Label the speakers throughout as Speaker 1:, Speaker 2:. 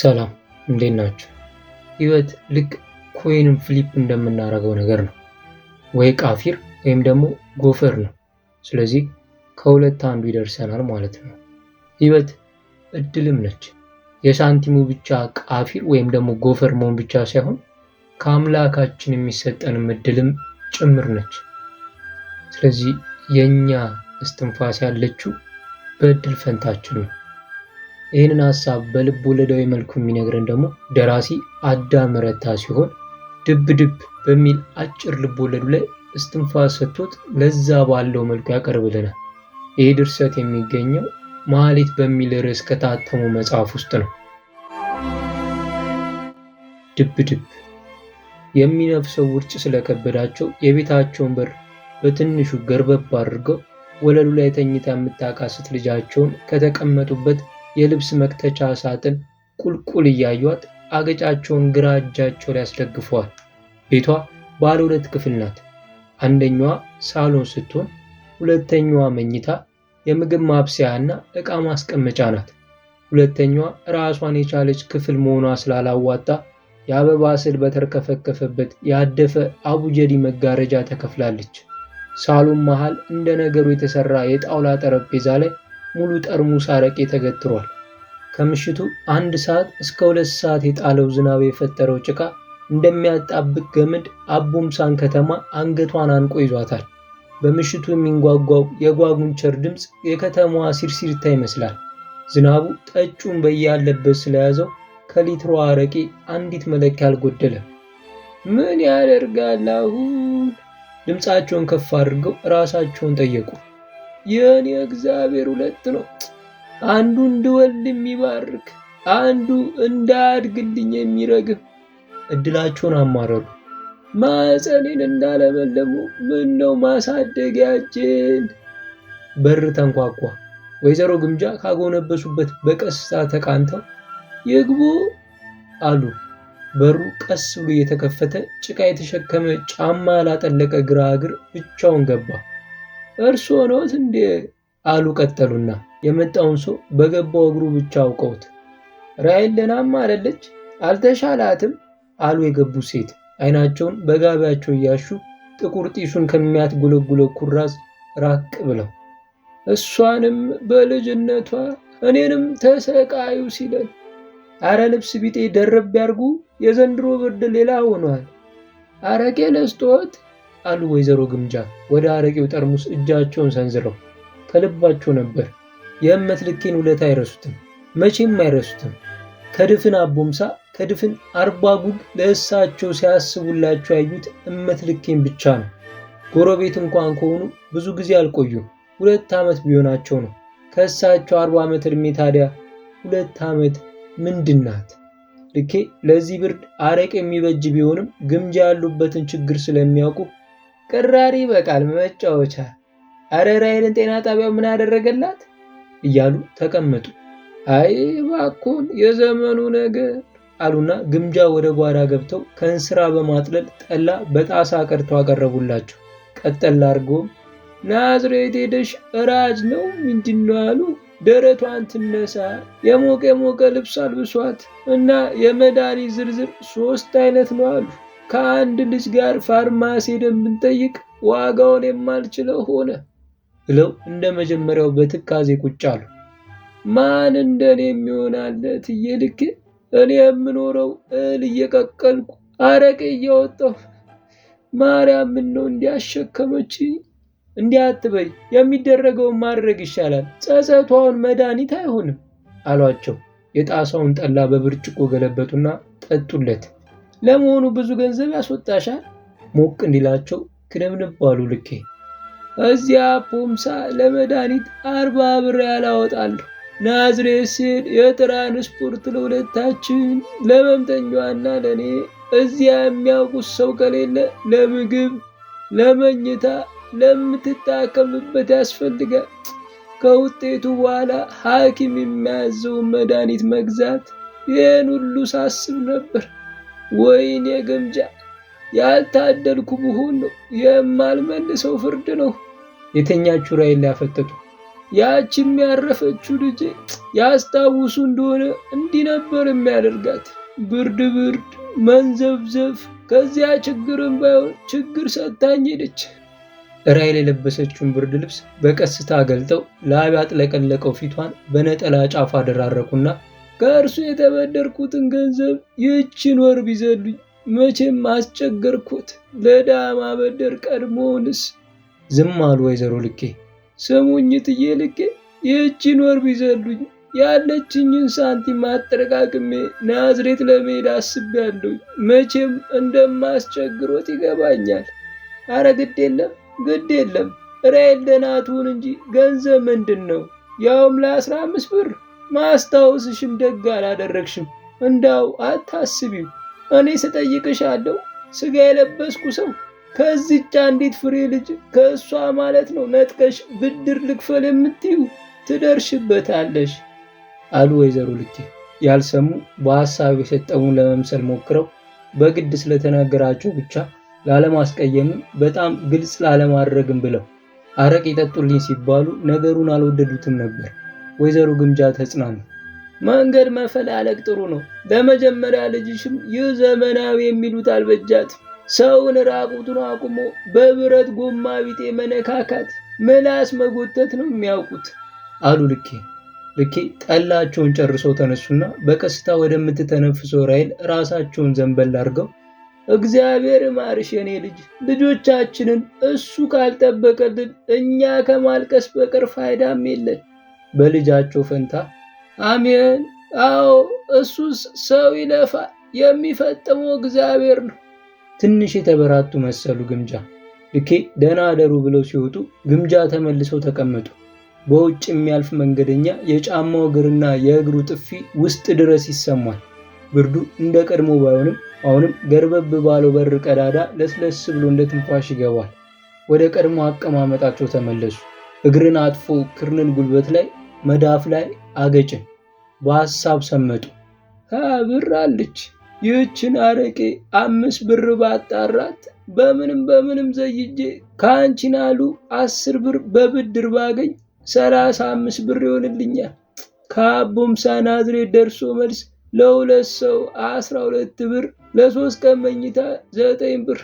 Speaker 1: ሰላም እንዴት ናችሁ? ህይወት ልክ ኮይንም ፍሊፕ እንደምናደርገው ነገር ነው። ወይ ቃፊር ወይም ደግሞ ጎፈር ነው። ስለዚህ ከሁለት አንዱ ይደርሰናል ማለት ነው። ህይወት እድልም ነች። የሳንቲሙ ብቻ ቃፊር ወይም ደግሞ ጎፈር መሆን ብቻ ሳይሆን ከአምላካችን የሚሰጠንም እድልም ጭምር ነች። ስለዚህ የእኛ እስትንፋስ ያለችው በእድል ፈንታችን ነው። ይህንን ሀሳብ በልብ ወለዳዊ መልኩ የሚነግረን ደግሞ ደራሲ አዳም ረታ ሲሆን ድብ ድብ በሚል አጭር ልብ ወለዱ ላይ እስትንፋስ ሰጥቶት ለዛ ባለው መልኩ ያቀርብልናል። ይህ ድርሰት የሚገኘው መሐሌት በሚል ርዕስ ከታተሙ መጽሐፍ ውስጥ ነው። ድብ ድብ የሚነፍሰው ውርጭ ስለከበዳቸው የቤታቸውን በር በትንሹ ገርበብ አድርገው ወለሉ ላይ ተኝታ የምታቃስት ልጃቸውን ከተቀመጡበት የልብስ መክተቻ ሳጥን ቁልቁል እያዩት አገጫቸውን ግራ እጃቸው ላይ አስደግፈዋል። ቤቷ ባለ ሁለት ክፍል ናት። አንደኛዋ ሳሎን ስትሆን ሁለተኛዋ መኝታ፣ የምግብ ማብሰያ እና ዕቃ ማስቀመጫ ናት። ሁለተኛዋ ራሷን የቻለች ክፍል መሆኗ ስላላዋጣ የአበባ ስዕል በተርከፈከፈበት ያደፈ አቡጀዲ መጋረጃ ተከፍላለች። ሳሎን መሃል እንደ ነገሩ የተሰራ የጣውላ ጠረጴዛ ላይ ሙሉ ጠርሙስ አረቄ ተገትሯል። ከምሽቱ አንድ ሰዓት እስከ ሁለት ሰዓት የጣለው ዝናብ የፈጠረው ጭቃ እንደሚያጣብቅ ገመድ አቦምሳን ከተማ አንገቷን አንቆ ይዟታል። በምሽቱ የሚንጓጓው የጓጉንቸር ድምፅ የከተማዋ ሲርሲርታ ይመስላል። ዝናቡ ጠጩን በያለበት ስለያዘው ከሊትሮ አረቄ አንዲት መለኪያ አልጎደለም። ምን ያደርጋል አሁን? ድምፃቸውን ከፍ አድርገው ራሳቸውን ጠየቁ። የእኔ እግዚአብሔር ሁለት ነው። አንዱ እንድወልድ የሚባርክ አንዱ እንዳድግልኝ የሚረግም። እድላቸውን አማረሩ። ማኅፀኔን እንዳለመለሙ ምን ነው ማሳደጊያችን። በር ተንኳኳ። ወይዘሮ ግምጃ ካጎነበሱበት በቀስታ ተቃንተው ይግቡ አሉ። በሩ ቀስ ብሎ እየተከፈተ ጭቃ የተሸከመ ጫማ ላጠለቀ ግራ እግር ብቻውን ገባ። እርሱ ነዎት እንዴ? አሉ ቀጠሉና፣ የመጣውን ሰው በገባው እግሩ ብቻ አውቀውት። ራሔልናም አለለች አልተሻላትም አሉ የገቡት ሴት አይናቸውን በጋቢያቸው እያሹ ጥቁር ጢሱን ከሚያትጎለጉለው ኩራዝ ራቅ ብለው እሷንም በልጅነቷ እኔንም ተሰቃዩ ሲለን አረ ልብስ ቢጤ ደረብ ያርጉ የዘንድሮ ብርድ ሌላ ሆኗል። አረቄ ለስጦት አሉ ወይዘሮ ግምጃ ወደ አረቄው ጠርሙስ እጃቸውን ሰንዝረው። ከልባቸው ነበር። የእመት ልኬን ውለት አይረሱትም፣ መቼም አይረሱትም። ከድፍን አቦምሳ ከድፍን አርባ ጉግ ለእሳቸው ሲያስቡላቸው ያዩት እመት ልኬን ብቻ ነው። ጎረቤት እንኳን ከሆኑ ብዙ ጊዜ አልቆዩም። ሁለት ዓመት ቢሆናቸው ነው። ከእሳቸው አርባ ዓመት ዕድሜ ታዲያ ሁለት ዓመት ምንድን ናት? ልኬ ለዚህ ብርድ አረቅ የሚበጅ ቢሆንም ግምጃ ያሉበትን ችግር ስለሚያውቁ ቅራሪ በቃል መጫወቻ አረ ራሔልን ጤና ጣቢያው ምን አደረገላት እያሉ ተቀመጡ። አይ ባኮን የዘመኑ ነገር አሉና ግምጃ ወደ ጓዳ ገብተው ከእንስራ በማጥለል ጠላ በጣሳ ቀድተው አቀረቡላቸው። ቀጠል አድርጎም ናዝሬት ሄደሽ እራጅ ነው ምንድን ነው አሉ። ደረቷን ትነሳ የሞቀ የሞቀ ልብስ አልብሷት እና የመድኃኒት ዝርዝር ሶስት አይነት ነው አሉ። ከአንድ ልጅ ጋር ፋርማሲ ሄደን ብንጠይቅ ዋጋውን የማልችለው ሆነ ብለው እንደ መጀመሪያው በትካዜ ቁጭ አሉ። ማን እንደኔ የሚሆናለ ትዬ ልኬ እኔ የምኖረው እል እየቀቀልኩ አረቄ እያወጣሁ ማርያም ነው እንዲያሸከመች እንዲያትበይ የሚደረገውን ማድረግ ይሻላል። ጸጸቷውን መድኃኒት አይሆንም አሏቸው። የጣሳውን ጠላ በብርጭቆ ገለበጡና ጠጡለት። ለመሆኑ ብዙ ገንዘብ ያስወጣሻል? ሞቅ እንዲላቸው ክደምንባሉ ልኬ እዚያ ፖምሳ ለመድኃኒት አርባ ብር ያላወጣለሁ ናዝሬት ሲል የትራንስፖርት ለሁለታችን ለመምተኛዋና ለእኔ እዚያ የሚያውቁት ሰው ከሌለ ለምግብ፣ ለመኝታ፣ ለምትታከምበት ያስፈልጋል። ከውጤቱ በኋላ ሐኪም የሚያዘውን መድኃኒት መግዛት ይህን ሁሉ ሳስብ ነበር። ወይኔ ግምጃ! ያልታደልኩ ብሆን ነው የማልመልሰው ፍርድ ነው። የተኛችሁ ራይ ያፈተቱ ያች የሚያረፈችው ልጄ ያስታውሱ እንደሆነ እንዲህ ነበር የሚያደርጋት ብርድ ብርድ መንዘብዘፍ። ከዚያ ችግርን ባይሆን ችግር ሰታኝ ሄደች። ራይል የለበሰችውን ብርድ ልብስ በቀስታ ገልጠው ላብ ያጥለቀለቀው ፊቷን በነጠላ ጫፍ አደራረቁና ከእርሱ የተበደርኩትን ገንዘብ ይህችን ወር ቢዘሉኝ መቼም አስቸገርኩት። ለዳ ማበደር ቀድሞውንስ። ዝም አሉ ወይዘሮ ልኬ። ስሙኝ ትዬ ልኬ፣ ይህችን ወር ቢዘሉኝ ያለችኝን ሳንቲም አጠረቃቅሜ ናዝሬት ለመሄድ አስቤያለሁ። መቼም እንደማስቸግሮት ይገባኛል። አረ ግድ የለም ግድ የለም፣ ራይል ደህና ትሁን እንጂ ገንዘብ ምንድን ነው? ያውም ለአስራ አምስት ብር ማስታወስሽም ደግ አላደረግሽም። እንዳው አታስቢው፣ እኔ አለው ስጋ የለበስኩ ሰው ከዚች አንዲት ፍሬ ልጅ ከእሷ ማለት ነው ነጥቀሽ ብድር ልክፈል የምትዩ ትደርሽበታለሽ አሉ ወይዘሮ ልኬ። ያልሰሙ በሀሳብ የሰጠሙ ለመምሰል ሞክረው በግድ ስለተናገራቸው ብቻ ላለማስቀየምም በጣም ግልጽ ላለማድረግም ብለው አረቄ ጠጡልኝ ሲባሉ ነገሩን አልወደዱትም ነበር። ወይዘሮ ግምጃ ተጽናኑ። መንገድ መፈላለግ ጥሩ ነው። ለመጀመሪያ ልጅሽም ይህ ዘመናዊ የሚሉት አልበጃት። ሰውን ራቁቱን አቁሞ በብረት ጎማ ቢጤ መነካካት፣ ምላስ መጎተት ነው የሚያውቁት አሉ ልኬ። ልኬ ጠላቸውን ጨርሰው ተነሱና በቀስታ ወደምትተነፍሰው ራይል ራሳቸውን ዘንበል አድርገው እግዚአብሔር ማርሽ የኔ ልጅ፣ ልጆቻችንን እሱ ካልጠበቀልን እኛ ከማልቀስ በቀር ፋይዳም የለን በልጃቸው ፈንታ አሜን። አዎ እሱስ ሰው ይለፋል፣ የሚፈጥመው እግዚአብሔር ነው። ትንሽ የተበራቱ መሰሉ ግምጃ ልኬ ደህና አደሩ ብለው ሲወጡ ግምጃ ተመልሰው ተቀመጡ። በውጭ የሚያልፍ መንገደኛ የጫማው እግርና የእግሩ ጥፊ ውስጥ ድረስ ይሰማል። ብርዱ እንደ ቀድሞ ባይሆንም አሁንም ገርበብ ባለው በር ቀዳዳ ለስለስ ብሎ እንደ ትንፋሽ ይገባል። ወደ ቀድሞ አቀማመጣቸው ተመለሱ። እግርን አጥፎ ክርንን ጉልበት ላይ መዳፍ ላይ አገጭን በሐሳብ ሰመጡ። ከብር አለች ይህችን አረቄ አምስት ብር ባጣራት በምንም በምንም ዘይጄ ከአንቺን አሉ አስር ብር በብድር ባገኝ ሰላሳ አምስት ብር ይሆንልኛል። ከአቦምሳ ናዝሬት ደርሶ መልስ ለሁለት ሰው አስራ ሁለት ብር ለሶስት ቀን መኝታ ዘጠኝ ብር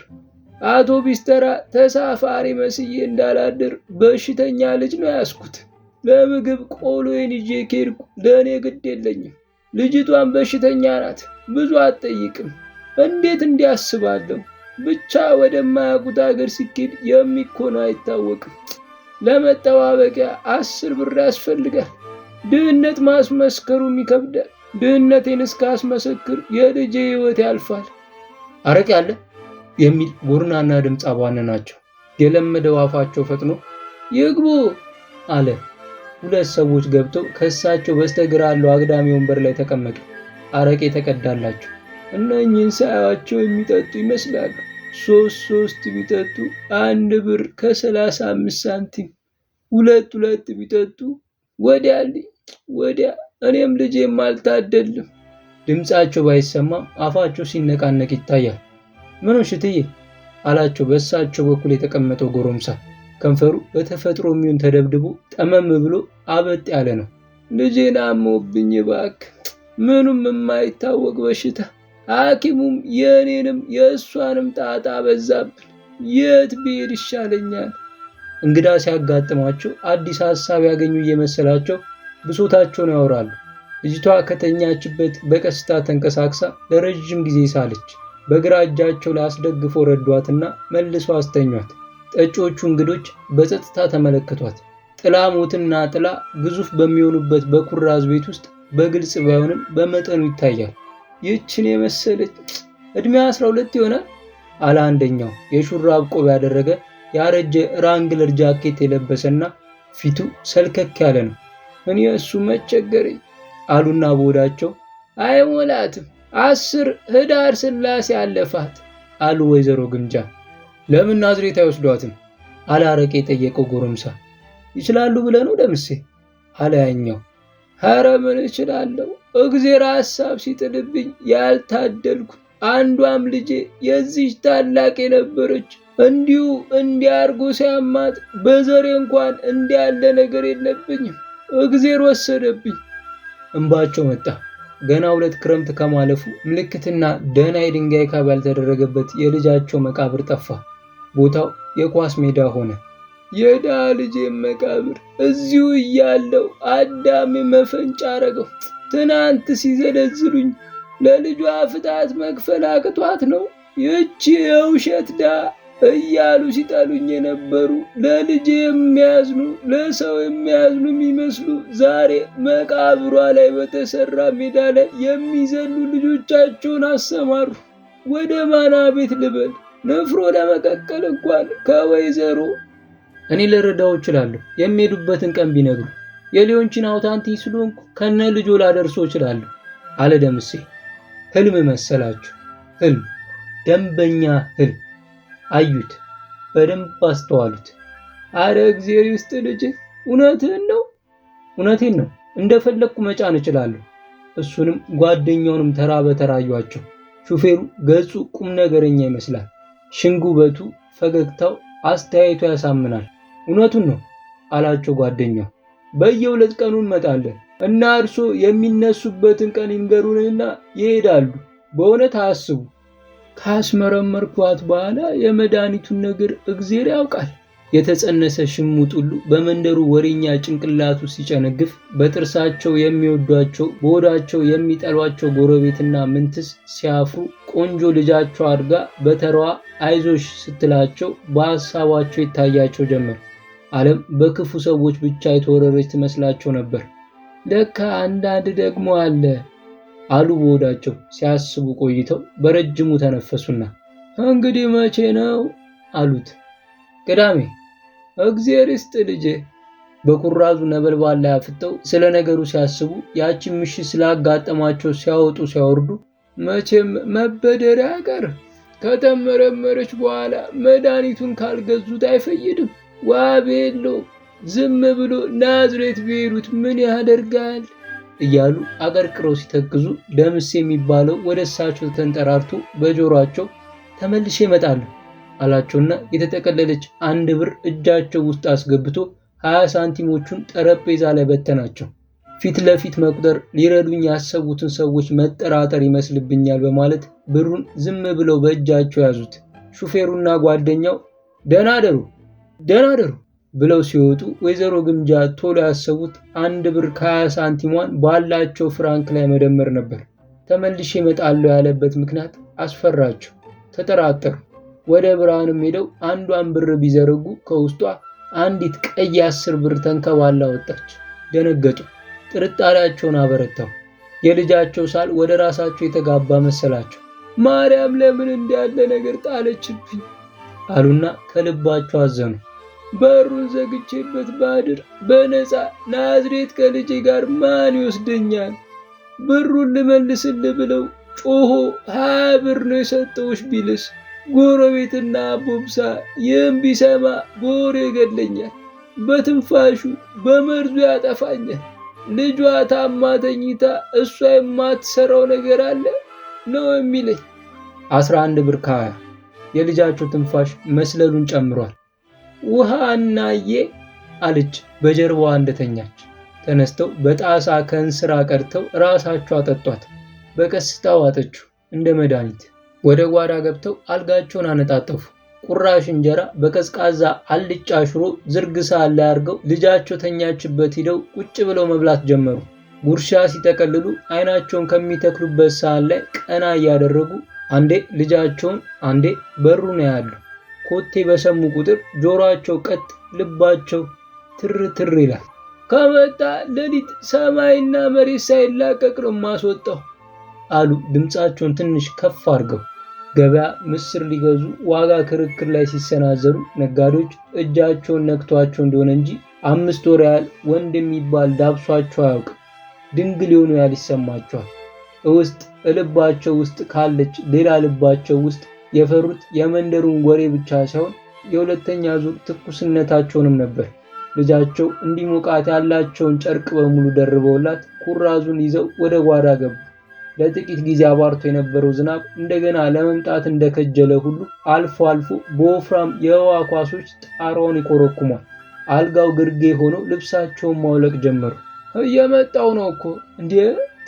Speaker 1: አውቶቢስ ተራ ተሳፋሪ መስዬ እንዳላድር በሽተኛ ልጅ ነው ያስኩት። ለምግብ ቆሎዬን ይዤ ኬድኩ። ለእኔ ግድ የለኝም። ልጅቷን በሽተኛ ናት፣ ብዙ አትጠይቅም። እንዴት እንዲያስባለሁ ብቻ ወደማያውቁት አገር ሲኬድ የሚኮኑ አይታወቅም። ለመጠባበቂያ አስር ብር ያስፈልጋል። ድህነት ማስመስከሩም ይከብዳል። ድህነቴን እስካስመሰክር የልጄ ሕይወት ያልፋል። አረቅ ያለ የሚል ጎርናና ድምፅ አቧነ ናቸው። የለመደው አፋቸው ፈጥኖ ይግቡ አለ። ሁለት ሰዎች ገብተው ከእሳቸው በስተግራ ያለው አግዳሚ ወንበር ላይ ተቀመጡ። አረቄ ተቀዳላቸው። እነኝህን ሳያቸው የሚጠጡ ይመስላሉ። ሶስት ሶስት ቢጠጡ አንድ ብር ከሰላሳ አምስት ሳንቲም፣ ሁለት ሁለት ቢጠጡ ወዲያ ወዲያ፣ እኔም ልጄም አልታደልም። ድምፃቸው ባይሰማም አፋቸው ሲነቃነቅ ይታያል። ምኑ ሽትዬ አላቸው በእሳቸው በኩል የተቀመጠው ጎረምሳ። ከንፈሩ በተፈጥሮ የሚሆን ተደብድቦ ጠመም ብሎ አበጥ ያለ ነው። ልጄን አሞብኝ እባክህ፣ ምኑም የማይታወቅ በሽታ ሐኪሙም የእኔንም የእሷንም ጣጣ በዛብን። የት ብሄድ ይሻለኛል? እንግዳ ሲያጋጥማቸው አዲስ ሀሳብ ያገኙ እየመሰላቸው ብሶታቸውን ያወራሉ። ልጅቷ ከተኛችበት በቀስታ ተንቀሳቅሳ ለረዥም ጊዜ ሳለች። በግራ እጃቸው ላስደግፎ ረዷትና መልሶ አስተኟት። ጠጪዎቹ እንግዶች በጸጥታ ተመለከቷት። ጥላ ሞትና ጥላ ግዙፍ በሚሆኑበት በኩራዝ ቤት ውስጥ በግልጽ ባይሆንም በመጠኑ ይታያል። ይህችን የመሰለች ዕድሜ 12 ይሆናል አለ አንደኛው። የሹራብ ቆብ ያደረገ ያረጀ ራንግለር ጃኬት የለበሰና ፊቱ ሰልከክ ያለ ነው። እኔ እሱ መቸገረኝ አሉና በወዳቸው አይሞላትም አስር ህዳር ስላሴ አለፋት አሉ ወይዘሮ ግምጃ። ለምን ናዝሬት አይወስዷትም? አለ አረቄ የጠየቀው ጎረምሳ። ይችላሉ ብለህ ነው ደምሴ? አለ ያኛው። ኧረ ምን እችላለሁ፣ እግዜር ሀሳብ ሲጥልብኝ ያልታደልኩ አንዷም ልጄ የዚች ታላቅ የነበረች እንዲሁ እንዲያርጎ ሲያማጥ በዘሬ እንኳን እንዲያለ ነገር የለብኝም፣ እግዜር ወሰደብኝ። እንባቸው መጣ። ገና ሁለት ክረምት ከማለፉ ምልክትና ደህና የድንጋይ ካብ ያልተደረገበት የልጃቸው መቃብር ጠፋ። ቦታው የኳስ ሜዳ ሆነ። የዳ ልጅ መቃብር እዚሁ እያለው አዳሜ መፈንጫ አረገው። ትናንት ሲዘለዝሉኝ ለልጇ ፍታት መክፈል አቅቷት ነው ይቺ የውሸት ዳ እያሉ ሲጠሉኝ የነበሩ ለልጄ የሚያዝኑ ለሰው የሚያዝኑ የሚመስሉ ዛሬ መቃብሯ ላይ በተሰራ ሜዳ ላይ የሚዘሉ ልጆቻቸውን አሰማሩ። ወደ ማና ቤት ልበል? ንፍሮ ለመቀቀል እንኳን ከወይዘሮ እኔ ልረዳው እችላለሁ። የሚሄዱበትን ቀን ቢነግሩ የሊዮንቺን አውታንቲ ስለሆንኩ ከነ ልጆ ላደርሶ እችላለሁ አለ ደምሴ። ህልም መሰላችሁ? ህልም ደንበኛ ህልም። አዩት፣ በደንብ አስተዋሉት። አረ እግዜር ይስጥ ልጅ፣ እውነትህን ነው፣ እውነቴን ነው። እንደፈለግኩ መጫን እችላለሁ። እሱንም ጓደኛውንም ተራ በተራ አዩአቸው። ሹፌሩ ገጹ ቁም ነገረኛ ይመስላል። ሽንጉበቱ፣ ፈገግታው፣ አስተያየቱ ያሳምናል። እውነቱን ነው አላቸው ጓደኛው። በየሁለት ቀኑ እንመጣለን እና እርሶ የሚነሱበትን ቀን ይንገሩንና ይሄዳሉ። በእውነት አያስቡ። ካስመረመርኳት በኋላ የመድኃኒቱን ነገር እግዜር ያውቃል። የተጸነሰ ሽሙጥ ሁሉ በመንደሩ ወሬኛ ጭንቅላቱ ሲጨነግፍ በጥርሳቸው የሚወዷቸው በሆዳቸው የሚጠሏቸው ጎረቤትና ምንትስ ሲያፍሩ ቆንጆ ልጃቸው አድጋ በተሯ አይዞሽ ስትላቸው በሀሳባቸው ይታያቸው ጀመር። ዓለም በክፉ ሰዎች ብቻ የተወረረች ትመስላቸው ነበር። ለካ አንዳንድ ደግሞ አለ አሉ በሆዳቸው ሲያስቡ ቆይተው በረጅሙ ተነፈሱና እንግዲህ መቼ ነው አሉት። ቅዳሜ እግዚአብሔር ይስጥ ልጄ በኩራዙ ነበልባል ላይ አፍጠው ስለ ነገሩ ሲያስቡ ያችን ምሽት ስላጋጠማቸው ሲያወጡ ሲያወርዱ መቼም መበደሪያ ያቀር ከተመረመረች በኋላ መድኃኒቱን ካልገዙት አይፈይድም። ዋቤሎ ዝም ብሎ ናዝሬት ቢሄዱት ምን ያደርጋል እያሉ አቀርቅረው ሲተክዙ ደምስ የሚባለው ወደ እሳቸው ተንጠራርቶ በጆሯቸው ተመልሼ እመጣለሁ አላቸውና የተጠቀለለች አንድ ብር እጃቸው ውስጥ አስገብቶ ሀያ ሳንቲሞቹን ጠረጴዛ ላይ በተናቸው። ፊት ለፊት መቁጠር ሊረዱኝ ያሰቡትን ሰዎች መጠራጠር ይመስልብኛል በማለት ብሩን ዝም ብለው በእጃቸው ያዙት። ሹፌሩና ጓደኛው ደህና ደሩ ደህና ደሩ ብለው ሲወጡ ወይዘሮ ግምጃ ቶሎ ያሰቡት አንድ ብር ከሀያ ሳንቲሟን ባላቸው ፍራንክ ላይ መደመር ነበር። ተመልሼ እመጣለሁ ያለበት ምክንያት አስፈራቸው፣ ተጠራጠሩ። ወደ ብርሃንም ሄደው አንዷን ብር ቢዘረጉ ከውስጧ አንዲት ቀይ አስር ብር ተንከባላ ወጣች። ደነገጡ፣ ጥርጣሬያቸውን አበረታው። የልጃቸው ሳል ወደ ራሳቸው የተጋባ መሰላቸው። ማርያም ለምን እንዲያለ ነገር ጣለችብኝ አሉና ከልባቸው አዘኑ። በሩን ዘግቼበት ባድር በነፃ ናዝሬት ከልጄ ጋር ማን ይወስደኛል? ብሩን ልመልስል ብለው ጮሆ ሀያ ብር ነው የሰጠውሽ ቢልስ ጎረቤትና ቦብሳ ይህም ቢሰማ በወሬ ይገድለኛል፣ በትንፋሹ በመርዙ ያጠፋኛል። ልጇ ታማ ተኝታ እሷ የማትሰራው ነገር አለ ነው የሚለኝ። አስራ አንድ ብር ከሀያ የልጃቸው ትንፋሽ መስለሉን ጨምሯል። ውሃ እናዬ አለች በጀርባዋ እንደተኛች። ተነስተው በጣሳ ከእንስራ ቀድተው ራሳቸው አጠጧት። በቀስታ አጠችው እንደ መድኃኒት። ወደ ጓዳ ገብተው አልጋቸውን አነጣጠፉ። ቁራሽ እንጀራ በቀዝቃዛ አልጫ ሽሮ ዝርግ ሳህን ላይ አድርገው ልጃቸው ተኛችበት ሂደው ቁጭ ብለው መብላት ጀመሩ። ጉርሻ ሲጠቀልሉ አይናቸውን ከሚተክሉበት ሳህን ላይ ቀና እያደረጉ አንዴ ልጃቸውን አንዴ በሩን ያሉ። ኮቴ በሰሙ ቁጥር ጆሮአቸው ቀጥ፣ ልባቸው ትር ትር ይላል። ከመጣ ሌሊት ሰማይና መሬት ሳይላቀቅ ነው የማስወጣው። አሉ ድምፃቸውን ትንሽ ከፍ አድርገው። ገበያ ምስር ሊገዙ ዋጋ ክርክር ላይ ሲሰናዘሩ ነጋዴዎች እጃቸውን ነክቷቸው እንደሆነ እንጂ አምስት ወር ያህል ወንድ የሚባል ዳብሷቸው አያውቅ። ድንግል የሆኑ ያህል ይሰማቸዋል። ውስጥ እልባቸው ውስጥ ካለች ሌላ ልባቸው ውስጥ የፈሩት የመንደሩን ወሬ ብቻ ሳይሆን የሁለተኛ ዙር ትኩስነታቸውንም ነበር። ልጃቸው እንዲሞቃት ያላቸውን ጨርቅ በሙሉ ደርበውላት ኩራዙን ይዘው ወደ ጓዳ ገቡ። ለጥቂት ጊዜ አባርቶ የነበረው ዝናብ እንደገና ለመምጣት እንደከጀለ ሁሉ አልፎ አልፎ በወፍራም የውሃ ኳሶች ጣራውን ይኮረኩሟል። አልጋው ግርጌ ሆነው ልብሳቸውን ማውለቅ ጀመሩ። እየመጣው ነው እኮ እንዴ!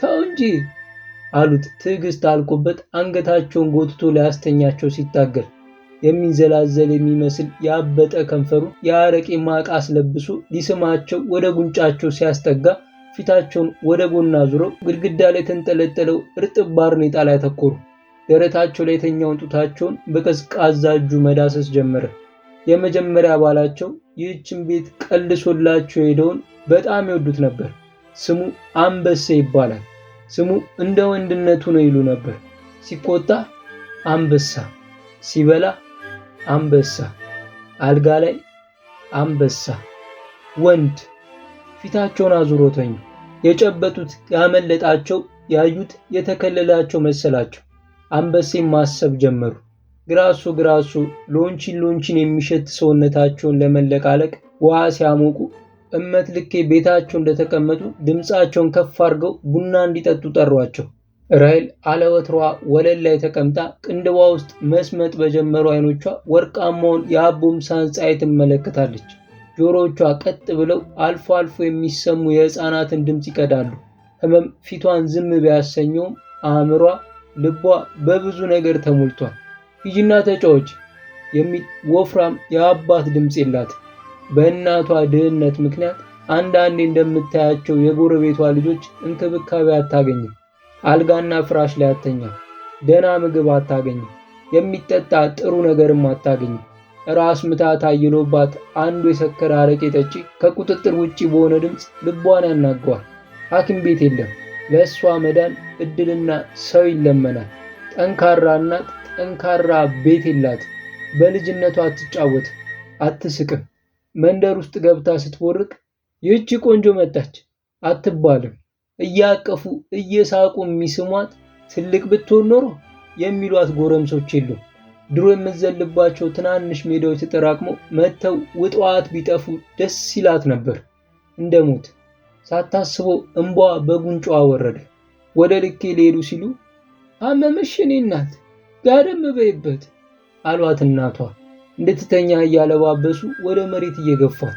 Speaker 1: ተው እንጂ አሉት። ትዕግስት አልቆበት አንገታቸውን ጎትቶ ሊያስተኛቸው ሲታገል የሚንዘላዘል የሚመስል ያበጠ ከንፈሩ የአረቄ ማቅ አስለብሶ ሊስማቸው ወደ ጉንጫቸው ሲያስጠጋ ፊታቸውን ወደ ጎን አዙረው ግድግዳ ላይ የተንጠለጠለው እርጥብ ባርኔጣ ላይ አተኮሩ። ደረታቸው ላይ የተኛውን ጡታቸውን በቀዝቃዛ እጁ መዳሰስ ጀመረ። የመጀመሪያ አባላቸው ይህችን ቤት ቀልሶላቸው ሄደውን በጣም ይወዱት ነበር። ስሙ አንበሳ ይባላል። ስሙ እንደ ወንድነቱ ነው ይሉ ነበር። ሲቆጣ አንበሳ፣ ሲበላ አንበሳ፣ አልጋ ላይ አንበሳ፣ ወንድ ፊታቸውን አዙሮ ተኙ። የጨበጡት ያመለጣቸው፣ ያዩት የተከለላቸው መሰላቸው። አንበሴም ማሰብ ጀመሩ። ግራሱ ግራሱ ሎንቺን ሎንቺን የሚሸት ሰውነታቸውን ለመለቃለቅ ውሃ ሲያሞቁ እመት ልኬ ቤታቸው እንደተቀመጡ ድምፃቸውን ከፍ አድርገው ቡና እንዲጠጡ ጠሯቸው። ራይል አለወትሯ ወለል ላይ ተቀምጣ ቅንድቧ ውስጥ መስመጥ በጀመሩ አይኖቿ ወርቃማውን የአቦም ፀሐይ ትመለከታለች። ጆሮዎቿ ቀጥ ብለው አልፎ አልፎ የሚሰሙ የሕፃናትን ድምፅ ይቀዳሉ። ህመም ፊቷን ዝም ቢያሰኘውም አእምሯ፣ ልቧ በብዙ ነገር ተሞልቷል። ሂጂና ተጫዎች የሚል ወፍራም የአባት ድምፅ የላት። በእናቷ ድህነት ምክንያት አንዳንዴ እንደምታያቸው የጎረቤቷ ልጆች እንክብካቤ አታገኝም። አልጋና ፍራሽ ላይ አተኛ፣ ደህና ምግብ አታገኝም፣ የሚጠጣ ጥሩ ነገርም አታገኝም። ራስ ምታት አይሎባት አንዱ የሰከረ አረቄ ጠጪ ከቁጥጥር ውጪ በሆነ ድምፅ ልቧን ያናገዋል። ሐኪም ቤት የለም። ለእሷ መዳን እድልና ሰው ይለመናል። ጠንካራ እናት ጠንካራ ቤት የላት። በልጅነቷ አትጫወት፣ አትስቅም። መንደር ውስጥ ገብታ ስትቦርቅ ይህቺ ቆንጆ መጣች አትባልም። እያቀፉ እየሳቁ የሚስሟት ትልቅ ብትሆን ኖሮ የሚሏት ጎረምሶች የሉም። ድሮ የምትዘልባቸው ትናንሽ ሜዳዎች ተጠራቅመው መጥተው ውጠዋት ቢጠፉ ደስ ይላት ነበር። እንደ ሞት ሳታስቦ እንቧ በጉንጯ ወረደ። ወደ ልኬ ሊሄዱ ሲሉ አመመሽ እኔ እናት ጋደም በይበት አሏት። እናቷ እንድትተኛ እያለባበሱ ወደ መሬት እየገፏት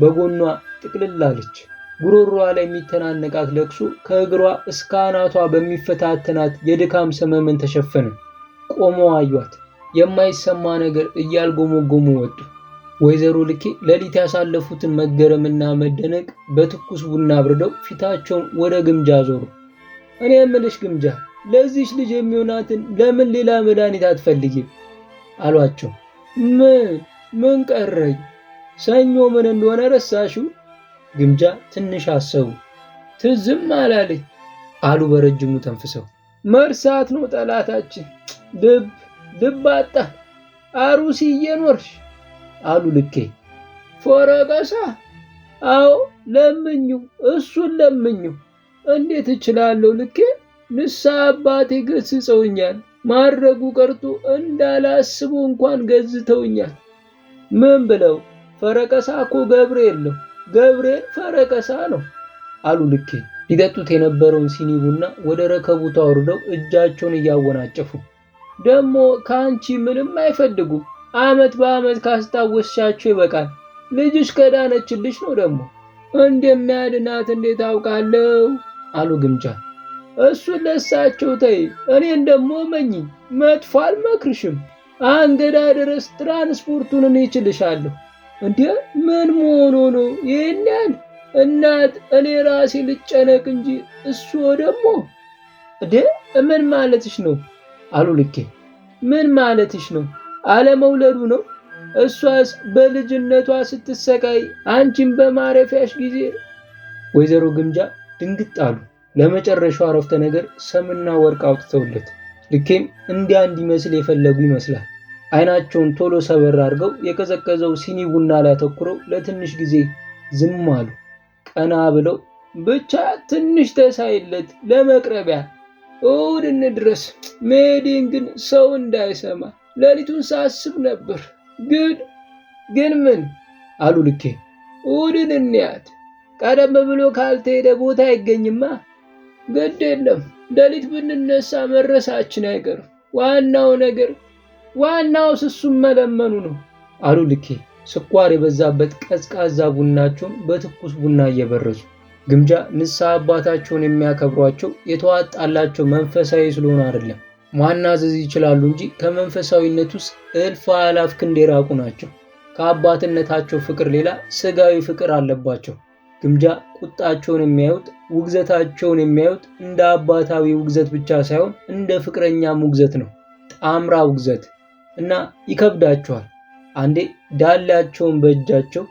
Speaker 1: በጎኗ ጥቅልላለች። ጉሮሯ ላይ የሚተናነቃት ለቅሶ ከእግሯ እስከ አናቷ በሚፈታተናት የድካም ሰመመን ተሸፈነ። ቆመው አዩት። የማይሰማ ነገር እያልጎመጎሙ ወጡ። ወይዘሮ ልኬ ሌሊት ያሳለፉትን መገረምና መደነቅ በትኩስ ቡና አብርደው ፊታቸውን ወደ ግምጃ ዞሩ። እኔ የምልሽ ግምጃ፣ ለዚች ልጅ የሚሆናትን ለምን ሌላ መድኃኒት አትፈልጊም? አሏቸው። ምን ምን ቀረኝ? ሰኞ ምን እንደሆነ ረሳሽው? ግምጃ ትንሽ አሰቡ። ትዝም አላለኝ አሉ በረጅሙ ተንፍሰው። መርሳት ነው ጠላታችን። ልብ ድባጣ አሩሲ እየኖርሽ አሉ ልኬ ፎረቀሳ አዎ ለምኙ እሱን ለምኙ እንዴት እችላለሁ ልኬ ንሳ አባቴ ገስጸውኛል ማድረጉ ቀርቶ እንዳላስቡ እንኳን ገዝተውኛል ምን ብለው ፈረቀሳ እኮ ገብርኤል ነው ገብርኤል ፈረቀሳ ነው አሉ ልኬ ሊጠጡት የነበረውን ሲኒ ቡና ወደ ረከቡት አውርደው እጃቸውን እያወናጨፉ ደግሞ ከአንቺ ምንም አይፈልጉ። አመት በአመት ካስታወስሻቸው ይበቃል። ልጅሽ ከዳነችልሽ ነው ደግሞ እንደሚያድናት እንዴት አውቃለሁ አሉ ግምጃ። እሱን ለሳቸው ተይ፣ እኔን ደግሞ መኝ መጥፎ አልመክርሽም። አንገዳ ድረስ ትራንስፖርቱን እኔ ይችልሻለሁ። እንዴ ምን መሆኑ ነው ይህን ያህል? እናት እኔ ራሴ ልጨነቅ እንጂ እሱ ደግሞ እንዴ ምን ማለትሽ ነው? አሉ ልኬ። ምን ማለትሽ ነው? አለመውለዱ ነው? እሷስ በልጅነቷ ስትሰቃይ አንቺን በማረፊያሽ ጊዜ። ወይዘሮ ግምጃ ድንግጥ አሉ። ለመጨረሻው አረፍተ ነገር ሰምና ወርቅ አውጥተውለት ልኬም እንዲያ እንዲመስል የፈለጉ ይመስላል። አይናቸውን ቶሎ ሰበር አድርገው የቀዘቀዘው ሲኒ ቡና ላይ አተኩረው ለትንሽ ጊዜ ዝም አሉ። ቀና ብለው ብቻ ትንሽ ተሳይለት ለመቅረቢያ እሑድ እንድረስ መሄዴን ግን ሰው እንዳይሰማ ሌሊቱን ሳስብ ነበር። ግን ግን ምን አሉ ልኬ እሑድን እንያት ቀደም ብሎ ካልተሄደ ቦታ አይገኝማ። ግድ የለም ሌሊት ብንነሳ መድረሳችን አይቀርም። ዋናው ነገር ዋናው ስሱም መለመኑ ነው አሉ ልኬ ስኳር የበዛበት ቀዝቃዛ ቡናቸውን በትኩስ ቡና እየበረዙ ግምጃ ንስሐ አባታቸውን የሚያከብሯቸው የተዋጣላቸው መንፈሳዊ ስለሆኑ አይደለም። ማናዘዝ ይችላሉ እንጂ ከመንፈሳዊነት ውስጥ እልፍ አላፍ ክንድ የራቁ ናቸው። ከአባትነታቸው ፍቅር ሌላ ስጋዊ ፍቅር አለባቸው። ግምጃ ቁጣቸውን የሚያዩት ውግዘታቸውን የሚያዩት እንደ አባታዊ ውግዘት ብቻ ሳይሆን እንደ ፍቅረኛም ውግዘት ነው፣ ጣምራ ውግዘት እና ይከብዳቸዋል። አንዴ ዳላቸውን በእጃቸው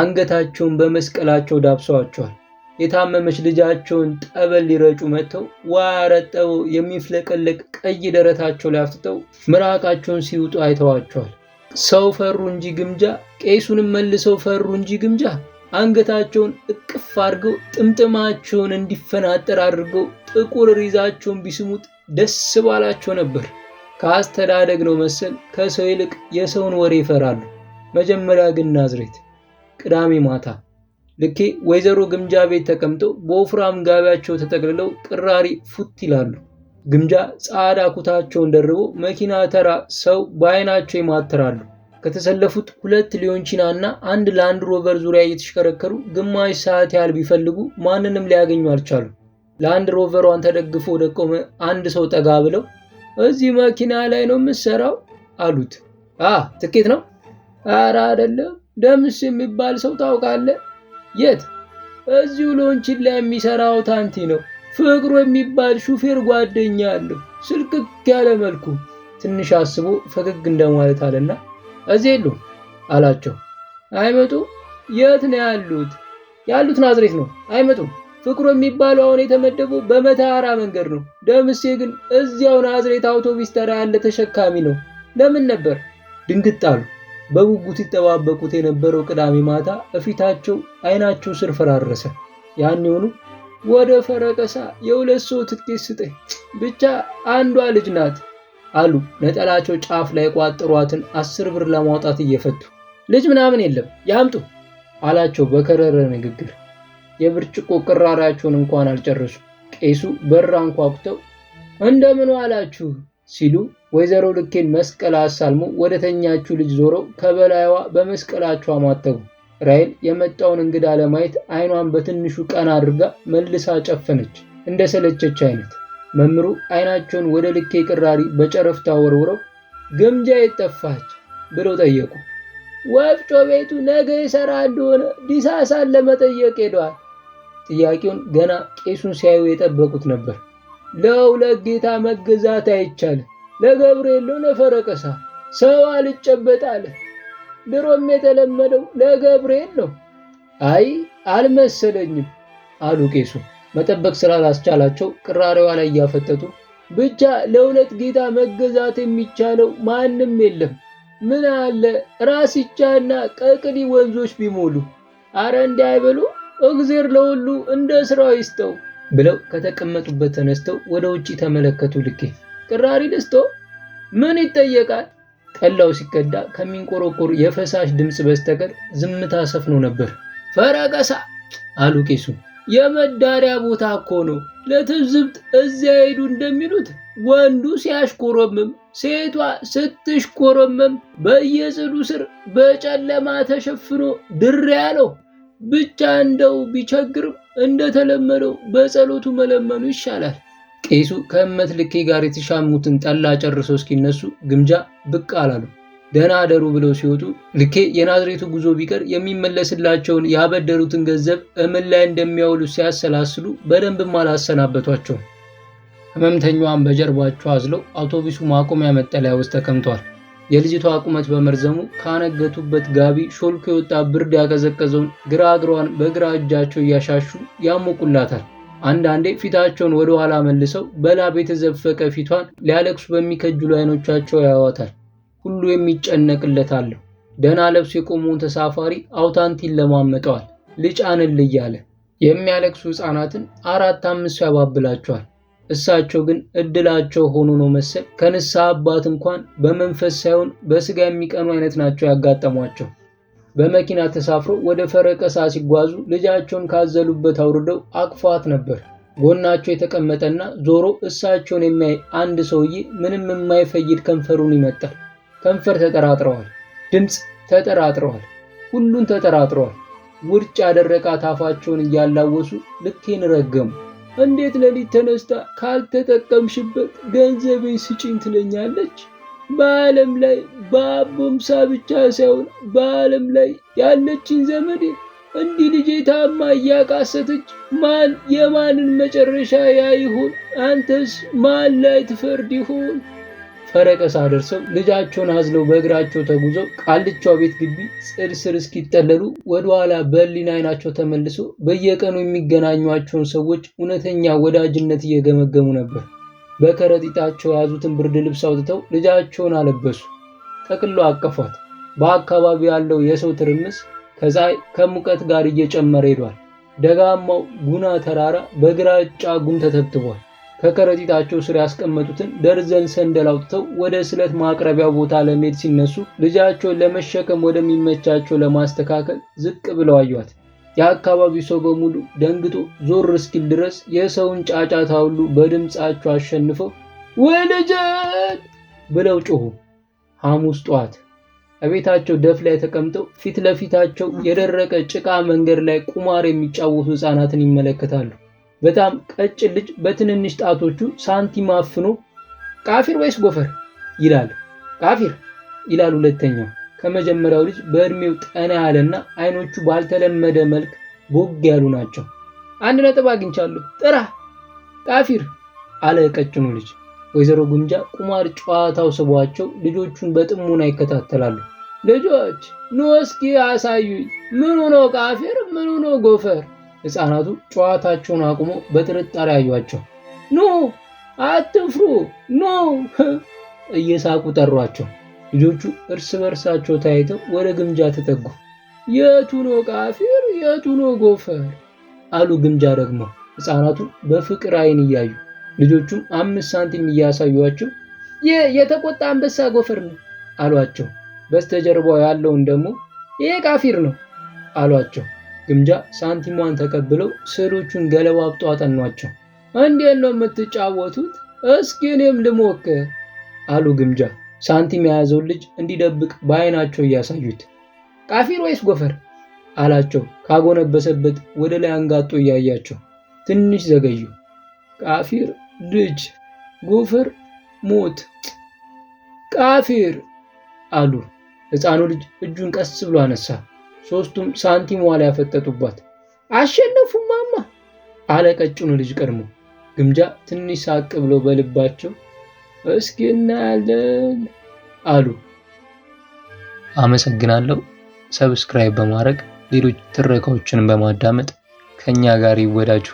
Speaker 1: አንገታቸውን በመስቀላቸው ዳብሰዋቸዋል። የታመመች ልጃቸውን ጠበል ሊረጩ መጥተው ዋ የሚፍለቀለቅ ቀይ ደረታቸው ላይ አፍጥጠው ምራቃቸውን ሲውጡ አይተዋቸዋል። ሰው ፈሩ እንጂ ግምጃ፣ ቄሱንም መልሰው ፈሩ እንጂ ግምጃ። አንገታቸውን እቅፍ አድርገው ጥምጥማቸውን እንዲፈናጠር አድርገው ጥቁር ሪዛቸውን ቢስሙት ደስ ባላቸው ነበር። ከአስተዳደግ ነው መሰል ከሰው ይልቅ የሰውን ወሬ ይፈራሉ። መጀመሪያ ግን ናዝሬት ቅዳሜ ማታ ልኬ ወይዘሮ ግምጃ ቤት ተቀምጠው በወፍራም ጋቢያቸው ተጠቅልለው ቅራሪ ፉት ይላሉ። ግምጃ ጻዕዳ ኩታቸውን ደርቦ መኪና ተራ ሰው በአይናቸው ይማትራሉ። ከተሰለፉት ሁለት ሊዮንቺና እና አንድ ላንድ ሮቨር ዙሪያ እየተሽከረከሩ ግማሽ ሰዓት ያህል ቢፈልጉ ማንንም ሊያገኙ አልቻሉ። ላንድ ሮቨሯን ተደግፎ ወደ ቆመ አንድ ሰው ጠጋ ብለው እዚህ መኪና ላይ ነው የምትሰራው አሉት። አ ትኬት ነው? አረ አይደለም። ደምስ የሚባል ሰው ታውቃለህ? የት? እዚሁ ሎንችን ላይ የሚሰራው ታንቲ ነው። ፍቅሩ የሚባል ሹፌር ጓደኛ አለው። ስልክክ ያለ መልኩ ትንሽ አስቦ ፈገግ እንደማለት አለና እዚህ የሉም አላቸው። አይመጡ? የት ነው ያሉት? ያሉት ናዝሬት ነው። አይመጡም። ፍቅሩ የሚባለው አሁን የተመደበው በመተሃራ መንገድ ነው። ደምሴ ግን እዚያው ናዝሬት አውቶቡስ ተራ ያለ ተሸካሚ ነው። ለምን ነበር? ድንግጥ አሉ። በጉጉት ይጠባበቁት የነበረው ቅዳሜ ማታ እፊታቸው አይናቸው ስር ፈራረሰ። ያን የሆኑ ወደ ፈረቀሳ የሁለት ሰው ትኬት ስጠኝ፣ ብቻ አንዷ ልጅ ናት አሉ ነጠላቸው ጫፍ ላይ ቋጥሯትን አስር ብር ለማውጣት እየፈቱ። ልጅ ምናምን የለም ያምጡ አላቸው በከረረ ንግግር። የብርጭቆ ቅራሪያቸውን እንኳን አልጨረሱ ቄሱ በራን ኳኩተው እንደምን አላችሁ ሲሉ ወይዘሮ ልኬን መስቀል አሳልሞ ወደ ተኛችው ልጅ ዞረው ከበላይዋ በመስቀላቸው አማተቡ። ራይል የመጣውን እንግዳ ለማየት አይኗን በትንሹ ቀና አድርጋ መልሳ ጨፈነች፣ እንደ ሰለቸች አይነት። መምህሩ አይናቸውን ወደ ልኬ ቅራሪ በጨረፍታ ወርውረው ግምጃ የጠፋች ብለው ጠየቁ። ወፍጮ ቤቱ ነገ ይሰራ እንደሆነ ዲሳሳን ለመጠየቅ ሄደዋል። ጥያቄውን ገና ቄሱን ሲያዩ የጠበቁት ነበር። ለሁለት ጌታ መገዛት አይቻልም። ለገብርኤል ነው ፈረቀሳ ሰው አልጨበጣለ። ድሮም የተለመደው ለገብርኤል ነው። አይ አልመሰለኝም አሉ ቄሱ። መጠበቅ ስላላስቻላቸው ቅራሬዋ ላይ እያፈጠጡ ብቻ ለሁለት ጌታ መገዛት የሚቻለው ማንም የለም። ምን አለ ራስቻና ቀቅሊ ወንዞች ቢሞሉ። አረ እንዲህ አይበሉ። እግዜር ለሁሉ እንደ ስራው ይስጠው። ብለው ከተቀመጡበት ተነስተው ወደ ውጭ ተመለከቱ። ልኬ ቅራሪ ደስቶ ምን ይጠየቃል? ጠላው ሲቀዳ ከሚንቆረቆር የፈሳሽ ድምፅ በስተቀር ዝምታ ሰፍኖ ነበር። ፈረቀሳ አሉ ቄሱ። የመዳሪያ ቦታ እኮ ነው ለትዝብት። እዚያ ሄዱ እንደሚሉት ወንዱ ሲያሽኮረምም ሴቷ ስትሽኮረምም በየጽዱ ስር በጨለማ ተሸፍኖ ድሬ ያለው ብቻ እንደው ቢቸግርም እንደተለመደው በጸሎቱ መለመኑ ይሻላል። ቄሱ ከእመት ልኬ ጋር የተሻሙትን ጠላ ጨርሰው እስኪነሱ ግምጃ ብቅ አላሉ። ደህና አደሩ ብለው ሲወጡ ልኬ የናዝሬቱ ጉዞ ቢቀር የሚመለስላቸውን ያበደሩትን ገንዘብ እምን ላይ እንደሚያውሉ ሲያሰላስሉ በደንብም አላሰናበቷቸውም። ሕመምተኛዋን በጀርባቸው አዝለው አውቶቡሱ ማቆሚያ መጠለያ ውስጥ ተቀምጧል። የልጅቷ ቁመት በመርዘሙ ካነገቱበት ጋቢ ሾልኮ የወጣ ብርድ ያቀዘቀዘውን ግራ እግሯን በግራ እጃቸው እያሻሹ ያሞቁላታል። አንዳንዴ ፊታቸውን ወደ ኋላ መልሰው በላብ የተዘፈቀ ፊቷን ሊያለቅሱ በሚከጅሉ አይኖቻቸው ያዋታል። ሁሉ የሚጨነቅለት አለው። ደህና ለብሶ የቆመውን ተሳፋሪ አውታንቲን ለማመጠዋል ልጫንል እያለ የሚያለቅሱ ሕፃናትን አራት አምስት ያባብላቸዋል። እሳቸው ግን እድላቸው ሆኖ ነው መሰል ከንስሐ አባት እንኳን በመንፈስ ሳይሆን በስጋ የሚቀኑ አይነት ናቸው ያጋጠሟቸው። በመኪና ተሳፍሮ ወደ ፈረቀሳ ሲጓዙ ልጃቸውን ካዘሉበት አውርደው አቅፏት ነበር። ጎናቸው የተቀመጠና ዞሮ እሳቸውን የሚያይ አንድ ሰውዬ ምንም የማይፈይድ ከንፈሩን ይመጣል። ከንፈር ተጠራጥረዋል፣ ድምፅ ተጠራጥረዋል፣ ሁሉን ተጠራጥረዋል። ውርጭ ያደረቃት አፋቸውን እያላወሱ ልኬን ረገሙ። እንዴት ሌሊት ተነስታ ካልተጠቀምሽበት ገንዘቤን ስጪኝ ትለኛለች? በዓለም ላይ በአቦምሳ ብቻ ሳይሆን በዓለም ላይ ያለችን ዘመዴ እንዲህ ልጄ ታማ እያቃሰተች ማን የማንን መጨረሻ ያይሆን? አንተስ ማን ላይ ትፈርድ ይሆን? ፈረቀሳ ደርሰው ልጃቸውን አዝለው በእግራቸው ተጉዘው ቃልቻው ቤት ግቢ ጽድ ስር እስኪጠለሉ ወደኋላ በሊን አይናቸው ተመልሶ በየቀኑ የሚገናኟቸውን ሰዎች እውነተኛ ወዳጅነት እየገመገሙ ነበር። በከረጢታቸው የያዙትን ብርድ ልብስ አውጥተው ልጃቸውን አለበሱ። ጠቅሎ አቀፏት። በአካባቢው ያለው የሰው ትርምስ ከፀሐይ ከሙቀት ጋር እየጨመረ ሄዷል። ደጋማው ጉና ተራራ በግራጫ ጉም ተተብትቧል። ከከረጢታቸው ስር ያስቀመጡትን ደርዘን ሰንደል አውጥተው ወደ ስለት ማቅረቢያው ቦታ ለመሄድ ሲነሱ ልጃቸውን ለመሸከም ወደሚመቻቸው ለማስተካከል ዝቅ ብለው አዩዋት። የአካባቢው ሰው በሙሉ ደንግጦ ዞር እስኪል ድረስ የሰውን ጫጫታ ሁሉ በድምፃቸው አሸንፈው ወይ ብለው ጮኹ። ሐሙስ ጠዋት ከቤታቸው ደፍ ላይ ተቀምጠው ፊት ለፊታቸው የደረቀ ጭቃ መንገድ ላይ ቁማር የሚጫወቱ ሕፃናትን ይመለከታሉ። በጣም ቀጭን ልጅ በትንንሽ ጣቶቹ ሳንቲም አፍኖ ቃፊር ወይስ ጎፈር ይላል። ቃፊር ይላል ሁለተኛው። ከመጀመሪያው ልጅ በእድሜው ጠና ያለና አይኖቹ ባልተለመደ መልክ ቦግ ያሉ ናቸው። አንድ ነጥብ አግኝቻለሁ። ጥራ ቃፊር አለ ቀጭኑ ልጅ። ወይዘሮ ጉምጃ ቁማር ጨዋታው ስቧቸው ልጆቹን በጥሞና ይከታተላሉ። ልጆች ኑ እስኪ አሳዩኝ፣ ምኑ ነው ቃፊር ምኑ ነው ጎፈር? ሕፃናቱ ጨዋታቸውን አቁሞ በጥርጣሬ አዩአቸው። ኑ አትፍሩ፣ ኑ እየሳቁ ጠሯቸው። ልጆቹ እርስ በርሳቸው ታይተው ወደ ግምጃ ተጠጉ። የቱ ነው ቃፊር፣ የቱ ነው ጎፈር አሉ። ግምጃ ደግሞ ሕፃናቱን በፍቅር አይን እያዩ ልጆቹም አምስት ሳንቲም እያሳዩቸው የተቆጣ አንበሳ ጎፈር ነው አሏቸው። በስተጀርባው ያለውን ደግሞ ይሄ ቃፊር ነው አሏቸው። ግምጃ ሳንቲሟን ተቀብለው ስዕሎቹን ገለባብጦ አጠኗቸው። እንዴት ነው የምትጫወቱት? እስኪ እኔም ልሞክር አሉ ግምጃ ሳንቲም የያዘውን ልጅ እንዲደብቅ በአይናቸው እያሳዩት። ቃፊር ወይስ ጎፈር አላቸው ካጎነበሰበት ወደ ላይ አንጋጦ እያያቸው። ትንሽ ዘገዩ። ቃፊር ልጅ፣ ጎፈር ሞት። ቃፊር አሉ። ሕፃኑ ልጅ እጁን ቀስ ብሎ አነሳ። ሦስቱም ሳንቲም ዋላ ያፈጠጡባት። አሸነፉ ማማ አለ ቀጭኑ ልጅ ቀድሞ። ግምጃ ትንሽ ሳቅ ብሎ በልባቸው እስኪ እናያለን አሉ። አመሰግናለሁ። ሰብስክራይብ በማድረግ ሌሎች ትረካዎችን በማዳመጥ ከእኛ ጋር ይወዳጁ።